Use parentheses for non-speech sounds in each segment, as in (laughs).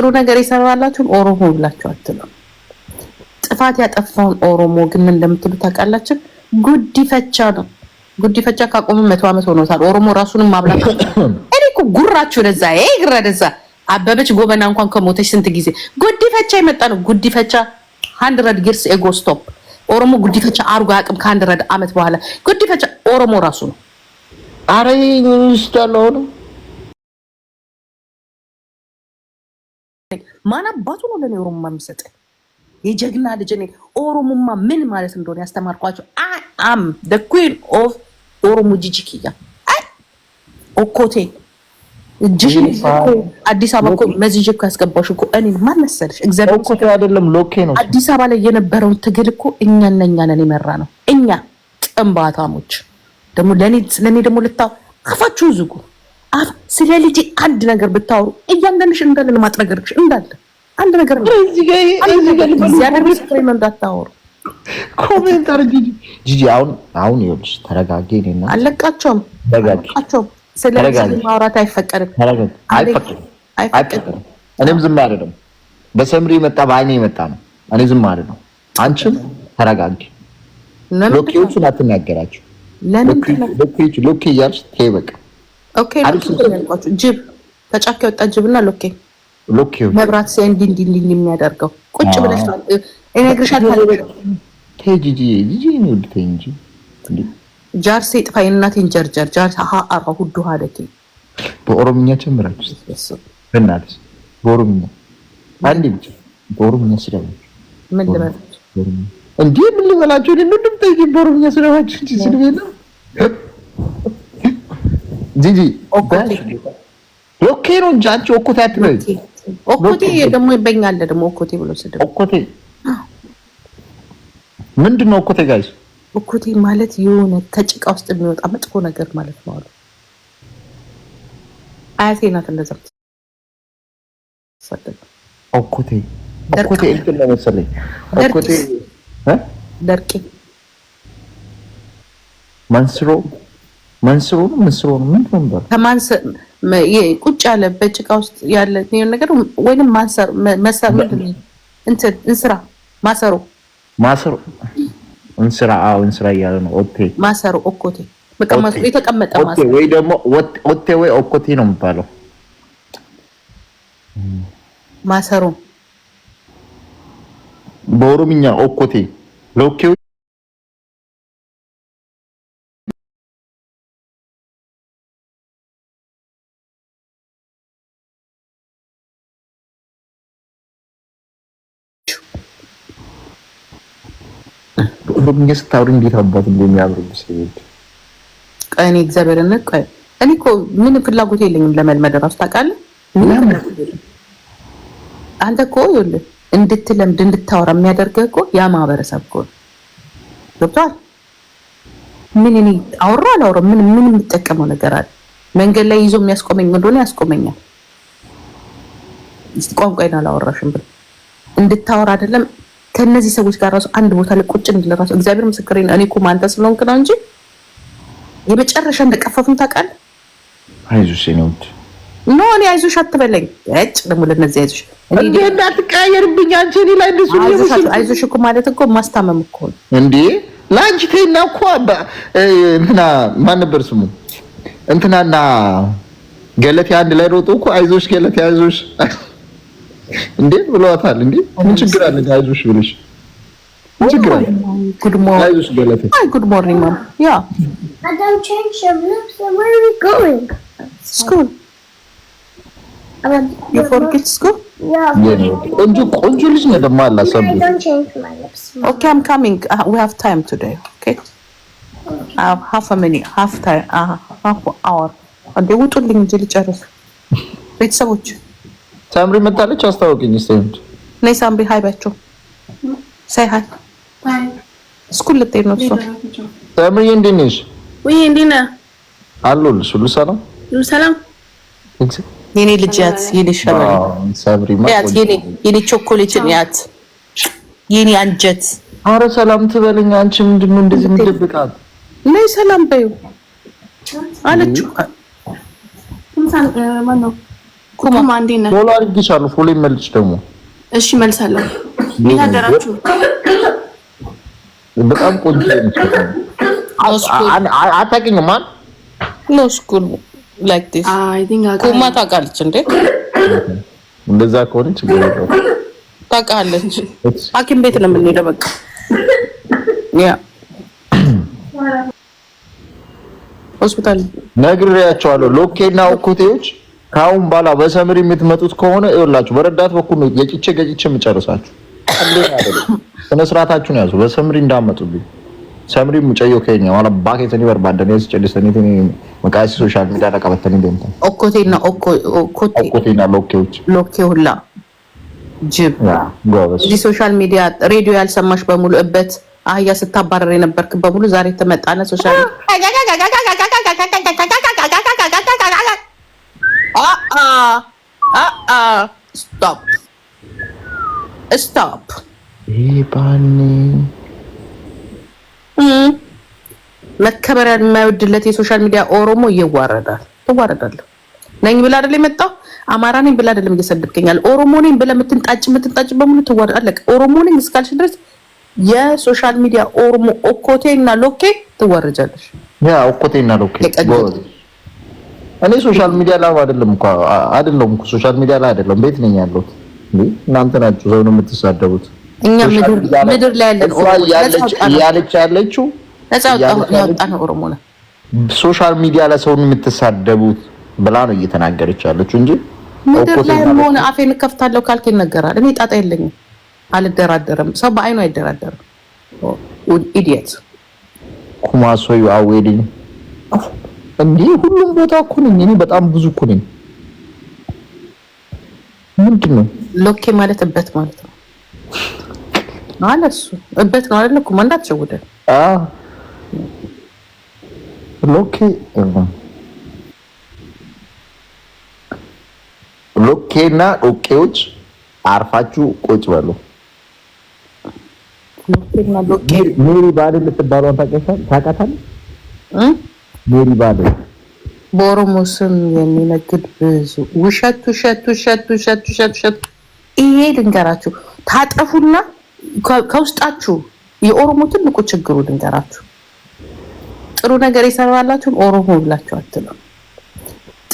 ጥሩ ነገር የሰራላችሁን ኦሮሞ ብላችሁ አትሉም። ጥፋት ያጠፋውን ኦሮሞ ግን እንደምትሉ ታውቃላችሁ። ጉዲፈቻ ነው። ጉዲፈቻ ካቆመ መቶ ዓመት ሆኖታል። ኦሮሞ ራሱንም ማብላት (coughs) እኔ እኮ ጉራችሁ ደዛ ግራ ደዛ አበበች ጎበና እንኳን ከሞተች ስንት ጊዜ ጉዲፈቻ የመጣ ነው። ጉዲፈቻ ሀንድረድ ጊርስ ኤጎ ስቶፕ ኦሮሞ ጉዲፈቻ አርጎ አቅም ከሀንድረድ ዓመት በኋላ ጉዲፈቻ ኦሮሞ ራሱ ነው። አረ ይስዳለ ማን አባቱ ነው ለኔ ኦሮሞማ የሚሰጥ? የጀግና ልጅ እኔ ኦሮሞማ ምን ማለት እንደሆነ ያስተማርኳቸው። አይ አም ደ ኩን ኦፍ ኦሮሞ ጂጂኪያ ኦኮቴ አዲስ አበባ እኮ መዝጅ እኮ ያስገባሽ እኮ እኔ ማን መሰለሽ? እግዚአብሔር አይደለም ሎኬ ነው። አዲስ አበባ ላይ የነበረውን ትግል እኮ እኛና እኛ ነን የመራ ነው። እኛ ጥንባታሞች ደግሞ ለእኔ ደግሞ ልታ ክፋችሁን ዝጉ። አፍ ስለ ልጅ አንድ ነገር ብታወሩ እያንዳንድሽ እንዳለ ልማጥ ነገርሽ እንዳለ አንድ ነገር እግዚአብሔር እንዳታወሩ ኮሜንት አርጊ ጂጂ። አሁን አሁን ይኸውልሽ፣ ተረጋጊ። እኔና አለቃቸውም አለቃቸውም ስለ ልጅ ማውራት አይፈቀድም፣ አይፈቀድም። እኔም ዝም አይደለም። በሰምሪ መጣ በአይኔ የመጣ ነው። እኔ ዝም አይደለም። አንቺም ተረጋጊ። ሎኬዎቹን አትናገራቸው። ሎኬ እያልሽ ተይ በቃ ኦኬ ያልኳቸው ጅብ ከጫካ የወጣ ጅብና ሎኬ ሎኬ መብራት ሲያይ እንዲህ እንዲህ እንዲህ የሚያደርገው ቁጭ ብለሽ እነግርሻለሁ። ጂጂ ጂጂ የሚወድ እንጂ ጃርሴ ጥፋይ እናቴን ጀርጀር ጃር ሀ አራ ሁዱ ሀደኬ በኦሮምኛ ጨምራችሁ በእናትሽ በኦሮምኛ አንዴ ብቻ በኦሮምኛ ስለው ምን ልበላችሁ እንዴ? ምን ልበላችሁ? ምንም ጠይቂኝ በኦሮምኛ ስለዋችሁ እንጂ ስድብ ጂጂ ኦኬ ነው እንጂ አንቺ ኦኮቴ አትበይ። ኦኮቴ ደግሞ ይበኛል ደግሞ ኦኮቴ ብሎ ስድብ። ኦኮቴ ምንድን ነው? ኦኮቴ ጋይስ ኦኮቴ ማለት የሆነ ከጭቃ ውስጥ የሚወጣ መጥፎ ነገር ማለት ነው አሉ አያቴ ናት። እንደዛ ኦኮቴ ኦኮቴ እንትን ነው መሰለኝ ኦኮቴ ደርቄ ማንስሮ መንስሮ ነው መንስሮ ነው ምን ነው ከማንስ ቁጭ ያለ በጭቃ ውስጥ ያለ ነገር ወይንም ማንሰር መሰር እንትን እንስራ ማሰሮ ማሰሮ እንስራ አዎ እንስራ እያለ ነው። ኦቴ ማሰሮ ኦኮቴ መቀመጥ የተቀመጠ ማሰሮ ወይ ደግሞ ኦቴ ወይ ኦኮቴ ነው የሚባለው። ማሰሮ በኦሮምኛ ኦኮቴ ሎኬ አብሮብኝ ስታብሪ እንዴት አባት እንደሚያብሩ ሰዎች ቀይ እኔ እግዚአብሔርን ቀይ እኔ እኮ ምን ፍላጎት የለኝም ለመልመድ ራሱ ታውቃለህ። አንተ እኮ ይኸውልህ እንድትለምድ እንድታወራ የሚያደርገህ እኮ ያ ማህበረሰብ እኮ ገብቷል። ምን እኔ አውራ አላወራ ምን ምን የምጠቀመው ነገር አለ? መንገድ ላይ ይዞ የሚያስቆመኝ እንደሆነ ያስቆመኛል። ቋንቋዬን አላወራሽም ብለህ እንድታወራ አይደለም ከእነዚህ ሰዎች ጋር ራሱ አንድ ቦታ ላይ ቁጭ እንድል ራሱ እግዚአብሔር ምስክር ነው። እኔ እኮ ማንተ ስለሆንክ ነው እንጂ የመጨረሻ እንደቀፈፉን ታውቃለህ። አይዞሽ ነውት ኖ እኔ አይዞሽ አትበለኝ። ጭ ደግሞ ለነዚህ አይዞሽ እንዴ እንዳትቀያየርብኝ አንቺ እኔ ላይ እንደሱ አይዞሽ እኮ ማለት እኮ ማስታመም እኮ ነው እንዴ ለአንቺ ተይና እኮ እንትና ማን ነበር ስሙ እንትናና ገለቴ አንድ ላይ ሮጡ እኮ አይዞሽ ገለቴ አይዞሽ እንዴ ብለዋታል። እንዴ ምን ችግር አለ? አይዞሽ ብለሽ ምን ችግር አለ? ጉድ ሞርኒንግ አይዞሽ ገለቴ። አይ ጉድ ሞርኒንግ ማም። ያ ስኩል ቆንጆ ልጅ ነው ደግሞ አላ ኦኬ አም ካሚንግ ዊ ሃቭ ታይም ቱዴይ ኦኬ ሃፍ ሚኒት ሃፍ ታይም አወር። እንዴ ውጡልኝ እንጂ ልጨርስ (laughs) ቤተሰቦች ሳምሪ መታለች። አስታወቅኝ። ስቴንድ ነይ ሳምሪ ሀይ ባቸው ሳይ ሀይ ስኩል ልትሄድ ነው እሷ። ሳምሪ እንዴት ነሽ? ወይ እንዴት ነህ? አለሁልሽ። ሁሉ ሰላም፣ ሁሉ ሰላም። የኔ ልጅ ያት የኔ ሸበላ ሳምሪ ማለት የኔ የኔ ቾኮሌት ያት የኔ አንጀት። አረ ሰላም ትበልኝ አንቺ። ምንድን ነው እንደዚህ የምትደብቃት? ነይ ሰላም በይው አለችው። ማነው ኩማ እንዴት ነህ? ፎሎ አድርጌሻለሁ። ፎሎ ደግሞ። እሺ እንዴት አደራችሁ? በጣም ቆንጆ ነሽ። አታውቂኝም አይደል? ኖ ስኩል ላይክ ዲስ ኩማ ታውቃለች እንዴ? እንደዛ ከሆነ ችግር የለውም። ታውቃለች። ሐኪም ቤት ነው የምንሄደው። በቃ ያ ሆስፒታል ነግሬያቸዋለሁ። ሎኬና ኮቴዎች ከአሁን በኋላ በሰምሪ የምትመጡት ከሆነ ይኸውላችሁ በረዳት በኩል ነው የጭቼ ገጭቼ የምጨርሳችሁ። ስነ ስርዓታችሁን ያዙ። በሰምሪ እንዳመጡብኝ ሰምሪ ሙጨዮ ከኛ ዋላ ባኬ ተኒ በርባደ ነስ መቃሲ ሶሻል ሚዲያ ለቀበት ተኒ ደምታ ኦኮቴና ኦኮቴ ኦኮቴና ሎኬዎች ሎኬ ሁላ ጅብ እዚህ ሶሻል ሚዲያ ሬዲዮ ያልሰማሽ በሙሉ እበት አህያ ስታባረር የነበርክ በሙሉ ዛሬ ተመጣነ ሶሻል ስቶፕ ስቶፕ። መከበሪያን የማይወድለት የሶሻል ሚዲያ ኦሮሞ ይዋረዳል። ትዋረዳለህ ነኝ ብላ አይደል የመጣው አማራ ነኝ ብላ አይደለም እየሰደብከኛል። ኦሮሞ ነኝ ብለህ የምትንጣጭ የምትንጣጭ በሙሉ ትዋረድ አለቀ። ኦሮሞ ነኝ እስካልሽ ድረስ የሶሻል ሚዲያ ኦሮሞ ኦኮቴ እና ሎኬ ትዋረጃለሽ። ኦኮቴ እና ሎኬ እኔ ሶሻል ሚዲያ ላይ አይደለም እኮ አይደለም እኮ ሶሻል ሚዲያ ላይ አይደለም፣ ቤት ነኝ ያለሁት። እናንተ ናችሁ ሰው ነው የምትሳደቡት። እኛ ምድር ምድር ላይ ያለን እያለች ያለችው ኦሮሞ ነው። ሶሻል ሚዲያ ላይ ሰውን የምትሳደቡት ብላ ነው እየተናገረች ያለችው እንጂ ምድር ላይ ሆነ አፌን ከፍታለሁ ካልክ ይነገራል። እኔ ጣጣ የለኝም፣ አልደራደርም። ሰው በአይኑ አይደራደርም። ኢዲየት ኩማሶዩ ዩ እንዴ ሁሉም ቦታ እኮ ነኝ እኔ በጣም ብዙ እኮ ነኝ። ምንድን ነው ሎኬ ማለት እበት ማለት ነው አለ እሱ። እበት ነው አይደል እኮ እንዳትሸውደን። አ ሎኬ ሎኬ ሎኬና ሎቄዎች አርፋችሁ ቁጭ በሉ። ሎኬና ሎቄ ሜሪ ባል ልትባሏን ታውቃታለህ? ሜሪ ባለ በኦሮሞ ስም የሚነግድ ብዙ ውሸት ውሸት ውሸት ውሸት ውሸት ውሸት። ይሄ ልንገራችሁ፣ ታጠፉና ከውስጣችሁ የኦሮሞ ትልቁ ችግሩ ልንገራችሁ፣ ጥሩ ነገር የሰራላችሁን ኦሮሞ ብላችሁ አትለው።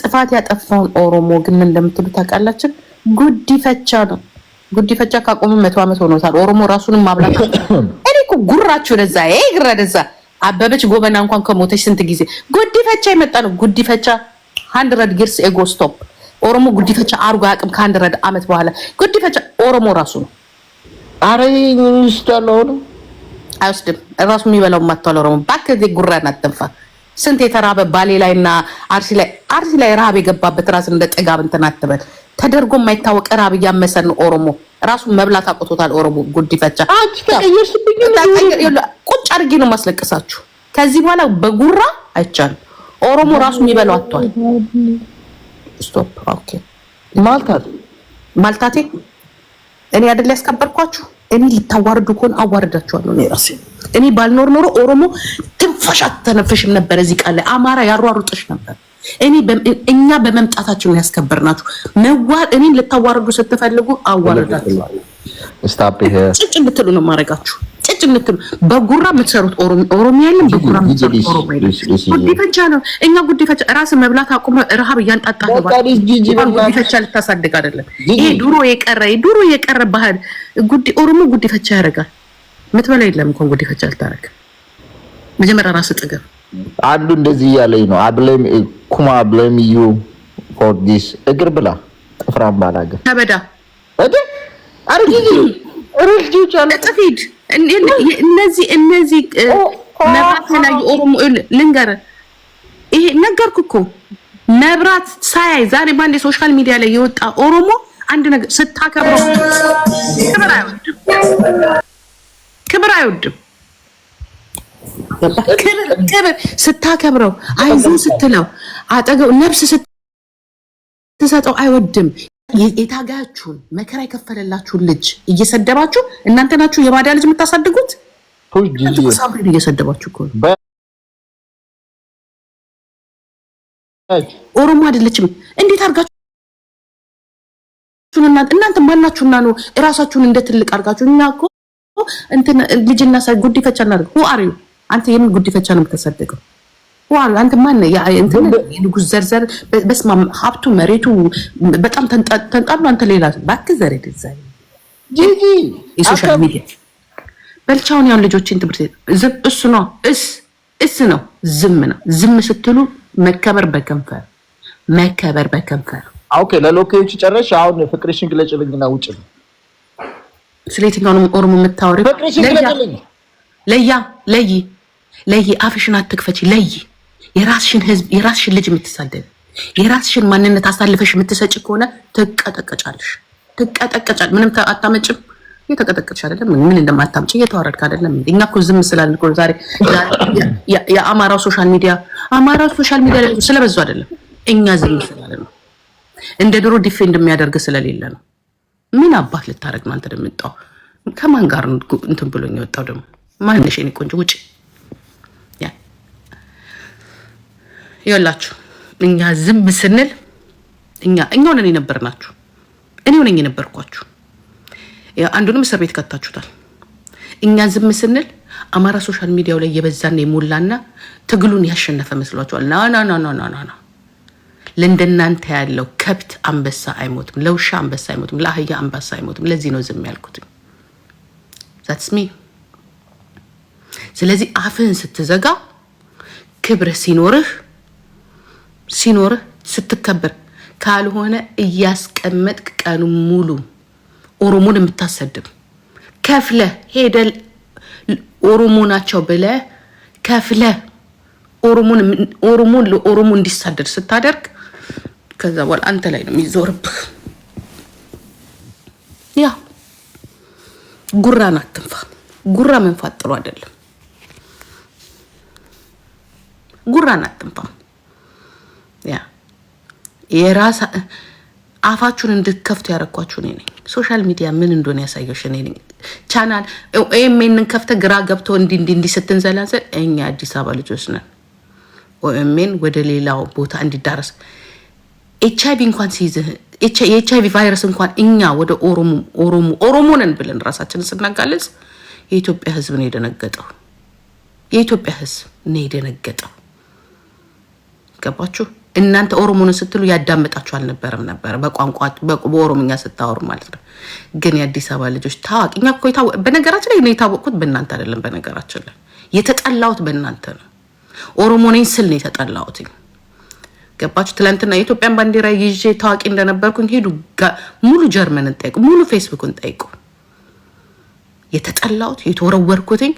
ጥፋት ያጠፋውን ኦሮሞ ግን እንደምትሉ ታውቃላችሁ። ጉዲፈቻ ነው። ጉዲፈቻ ካቆመ መቶ ዓመት ሆኖታል። ኦሮሞ ራሱንም ማብላት እኔ እኮ ጉራችሁ ደዛ ይግራ ደዛ አበበች ጎበና እንኳን ከሞተች ስንት ጊዜ ጉዲፈቻ የመጣ ነው። ጉዲፈቻ ሀንድረድ ጊርስ ኤጎ ስቶፕ ኦሮሞ ጉዲፈቻ አርጎ አቅም ከሀንድረድ አመት በኋላ ጉዲፈቻ ኦሮሞ ራሱ ነው። አረ ይወስዳል። ሆኖ አይወስድም። ራሱ የሚበላው ማቷል። ኦሮሞ ባክ ጉራን አትንፋ። ስንት የተራበ ባሌ ላይና አርሲ ላይ አርሲ ላይ ረሃብ የገባበት ራስን እንደ ጥጋብ እንትን አትበል። ተደርጎ የማይታወቅ ራብ እያመሰን ኦሮሞ ራሱ መብላት አቁቶታል ኦሮሞ ጉዲፈቻ ቁጭ አድርጌ ነው ማስለቀሳችሁ። ከዚህ በኋላ በጉራ አይቻልም። ኦሮሞ ራሱ የሚበላው አጥቷል። ስቶፕ ኦኬ። ማልታቴ ማልታቴ እኔ አይደል ያስከበርኳችሁ? እኔ ልታዋርዱ ከሆነ አዋርዳችኋለሁ። እኔ ራሴ እኔ ባልኖር ኖሮ ኦሮሞ ትንፋሽ አትተነፍሽም ነበር። እዚህ ቃል ላይ አማራ ያሯሩጥሽ ነበር። እኔ እኛ በመምጣታችን ነው ያስከበርናችሁ። መዋር እኔን ልታዋርዱ ስትፈልጉ አዋርዳችሁ ጭጭ እንድትሉ ነው ማድረጋችሁ። ጭጭ እንድትሉ በጉራ የምትሰሩት ኦሮሚያ የለም፣ በጉራ የምትሰሩት ጉዲፈቻ ነው። እኛ ጉዲፈቻ ራስ መብላት አቁመ ረሃብ እያንጣጣ ጉዲፈቻ ልታሳድግ አይደለም። ይሄ ድሮ የቀረ ድሮ የቀረ ባህል ኦሮሞ ጉዲፈቻ ያደርጋል። ምትበላ የለም እንኳን ጉዲፈቻ ልታደርግ መጀመሪያ ራስ ጥገብ አንዱ እንደዚህ እያለኝ ነው። አብለም ኩማ አብለም ዩ ፎር ዲስ እግር ብላ ጥፍራም ባላገር ተበዳ እዴ አርጊ እነዚህ እነዚህ መብራት ኦሮሞ ይሄ ነገርኩ እኮ መብራት ሳያይ ዛሬ ባንዴ ሶሻል ሚዲያ ላይ የወጣ ኦሮሞ አንድ ነገር ስታከብረው ክብር አይወድም፣ ክብር አይወድም። ክብር ክብር ስታከብረው አይዞ ስትለው አጠገው ነፍስ ስትሰጠው አይወድም። የታጋያችሁን መከራ የከፈለላችሁን ልጅ እየሰደባችሁ እናንተ ናችሁ የባዳ ልጅ የምታሳድጉት። ሳምሪን እየሰደባችሁ እኮ ነው። ኦሮሞ አይደለችም። እንዴት አድርጋችሁ እናንተ ማናችሁና ነው እራሳችሁን እንደ ትልቅ አድርጋችሁ እኛ እኮ እንትን ልጅና ጉዲፈቻ እናደርግ ሁ አሪው አንተ የምን ጉዲፈቻ ነው የምታሳድገው? ዋሉ አንተ ማን እንትን የንጉስ ዘርዘር በስማ ሀብቱ መሬቱ በጣም ተንጣሉ። አንተ ሌላ ባክ ዘር ደዛ ጂጂ የሶሻል ሚዲያ በልቻውን ያሁን ልጆችን ትምህርት ዝም እሱ ነው እስ እስ ነው ዝም ነው ዝም ስትሉ መከበር በከንፈር መከበር በከንፈር ኦኬ። ለሎኬዎች ጨረሽ። አሁን ፍቅርሽን ግለጭልኝና ውጭ ነው ስለየትኛውንም ኦሮሞ የምታወሪ ፍቅርሽን ግለጭልኝ። ለያ ለይ ለይ፣ አፍሽን አትክፈች። ለይ፣ የራስሽን ህዝብ፣ የራስሽን ልጅ የምትሳደብ የራስሽን ማንነት አሳልፈሽ የምትሰጭ ከሆነ ትቀጠቀጫለሽ። ትቀጠቀጫል። ምንም አታመጭም። እየተቀጠቀጥሽ አይደለም ምን እንደማታምጭ እየተዋረድክ አይደለም። እኛ እኮ ዝም ስላል ዛሬ የአማራው ሶሻል ሚዲያ አማራው ሶሻል ሚዲያ ላይ ስለበዙ አይደለም፣ እኛ ዝም ስላለ ነው። እንደ ድሮ ዲፌንድ የሚያደርግ ስለሌለ ነው። ምን አባት ልታደርግ ነው አንተ? ከማን ጋር እንትን ብሎኝ የወጣው ደግሞ ማነሽ? የእኔ ቆንጆ ውጭ ይኸውላችሁ እኛ ዝም ስንል እኛ ሆነን ነን የነበርናችሁ። እኔው ነኝ የነበርኳችሁ። አንዱንም እስር ቤት ከታችሁታል። እኛ ዝም ስንል አማራ ሶሻል ሚዲያው ላይ የበዛና የሞላና ትግሉን ያሸነፈ መስሏችኋል። ና ና ና ና ና ና ለእንደናንተ ያለው ከብት አንበሳ አይሞትም፣ ለውሻ አንበሳ አይሞትም፣ ለአህያ አንበሳ አይሞትም። ለዚህ ነው ዝም ያልኩት። ዛትስ ሚ። ስለዚህ አፍህን ስትዘጋ ክብርህ ሲኖርህ ሲኖርህ ስትከበር፣ ካልሆነ እያስቀመጥክ ቀኑ ሙሉ ኦሮሞን የምታሰድብ ከፍለ ሄደ ኦሮሞ ናቸው ብለ ከፍለ ኦሮሞን ለኦሮሞ እንዲሳደድ ስታደርግ ከዛ በኋላ አንተ ላይ ነው የሚዞርብህ። ያ ጉራን አትንፋ። ጉራ መንፋት ጥሩ አይደለም። ጉራን አትንፋ። የራስ አፋችሁን እንድትከፍቱ ያደረኳችሁ እኔ ነኝ። ሶሻል ሚዲያ ምን እንደሆነ ያሳየሽ እኔ ነኝ። ቻናል ኦኤምኤንን ከፍተ ግራ ገብቶ እንዲ እንዲ እንዲ ስትንዘላዘል እኛ አዲስ አበባ ልጆች ነን። ኦኤምኤን ወደ ሌላው ቦታ እንዲዳረስ ኤች አይቪ እንኳን ሲይዝህ የኤች ቫይረስ እንኳን እኛ ወደ ኦሮሞ ኦሮሞ ኦሮሞ ነን ብለን ራሳችንን ስናጋለጽ የኢትዮጵያ ሕዝብ ነው የደነገጠው። የኢትዮጵያ ሕዝብ ነው የደነገጠው። ገባችሁ? እናንተ ኦሮሞን ስትሉ ያዳመጣችሁ አልነበረም በቋንቋ በኦሮምኛ ስታወሩ ማለት ነው። ግን የአዲስ አበባ ልጆች ታዋቂ እኛ እኮ በነገራችን ላይ የታወቅኩት በእናንተ አይደለም። በነገራችን ላይ የተጠላሁት በእናንተ ነው። ኦሮሞ ነኝ ስል ነው የተጠላሁት። ገባችሁ? ትላንትና የኢትዮጵያን ባንዲራ ይዤ ታዋቂ እንደነበርኩኝ ሄዱ። ሙሉ ጀርመንን ጠይቁ፣ ሙሉ ፌስቡክን ጠይቁ። የተጠላሁት የተወረወርኩትኝ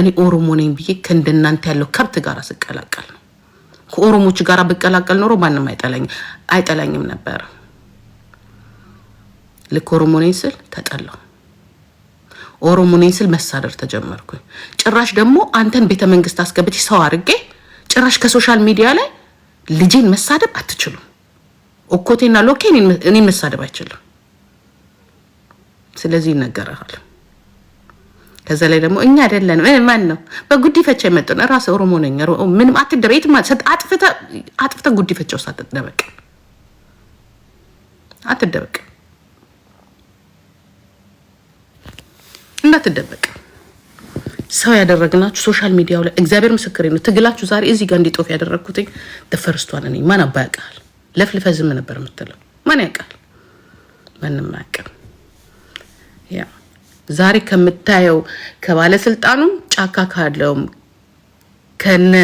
እኔ ኦሮሞ ነኝ ብዬ ከእንደናንተ ያለው ከብት ጋር ስቀላቀል ነው። ከኦሮሞች ጋር ብቀላቀል ኖሮ ማንም አይጠላኝም ነበር። ልክ ኦሮሞ ነኝ ስል ተጠላሁ። ኦሮሞ ነኝ ስል መሳደር ተጀመርኩኝ። ጭራሽ ደግሞ አንተን ቤተ መንግስት አስገብቼ ሰው አድርጌ ጭራሽ ከሶሻል ሚዲያ ላይ ልጄን መሳደብ አትችሉም። ኦኮቴና ሎኬ እኔን መሳደብ አይችልም። ስለዚህ ይነገረሃል። ከዛ ላይ ደግሞ እኛ አይደለንም። ማን ነው በጉዲፈቻ የመጡን? ራስ ኦሮሞ ነኝ። ምንም አትደበ የትም አጥፍተ ጉዲፈቻ ውስጥ አትደበቅ፣ አትደበቅ፣ እንዳትደበቅ። ሰው ያደረግናችሁ ሶሻል ሚዲያው ላይ እግዚአብሔር ምስክሬ ነው። ትግላችሁ ዛሬ እዚህ ጋር እንዲጦፍ ያደረግኩትኝ ተፈርስቷን ነኝ። ማን አባ ያውቃል? ለፍልፈ ዝም ነበር የምትለው ማን ያውቃል? ማንም አያውቅም። ዛሬ ከምታየው ከባለስልጣኑም ጫካ ካለውም ከነ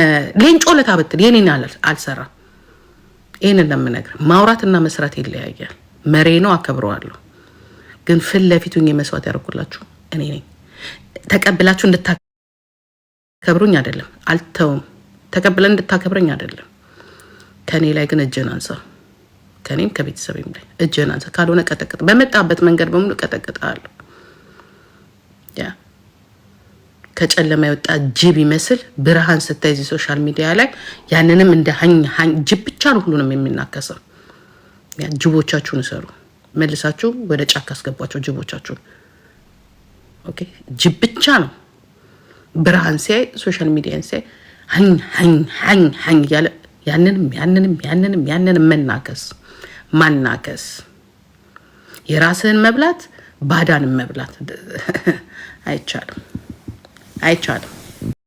ሌንጮ ለታ ብትል የኔን አልሰራ ይህንን ለምነግር ማውራትና መስራት ይለያያል። መሬ ነው፣ አከብረዋለሁ። ግን ፊት ለፊቱ የመስዋዕት ያደርጉላችሁ እኔ ነኝ። ተቀብላችሁ እንድታከብሩኝ አይደለም፣ አልተውም። ተቀብለን እንድታከብረኝ አይደለም። ከእኔ ላይ ግን እጅን አንሳ፣ ከኔም ከቤተሰብም ላይ እጅን አንሳ። ካልሆነ ቀጠቅጥ፣ በመጣበት መንገድ በሙሉ ቀጠቅጣለሁ። ከጨለማ የወጣ ጅብ ይመስል ብርሃን ስታይ እዚህ ሶሻል ሚዲያ ላይ ያንንም እንደ ጅብ ብቻ ነው ሁሉንም የሚናከሰው። ጅቦቻችሁን እሰሩ፣ መልሳችሁ ወደ ጫካ አስገቧቸው ጅቦቻችሁን። ኦኬ ጅብ ብቻ ነው ብርሃን ሲያይ ሶሻል ሚዲያን ሲያይ ሀኝ ሀኝ ሀኝ ሀኝ እያለ ያንንም ያንንም ያንንም ያንንም መናከስ ማናከስ የራስህን መብላት ባዳንም መብላት (laughs) I tried. I tried.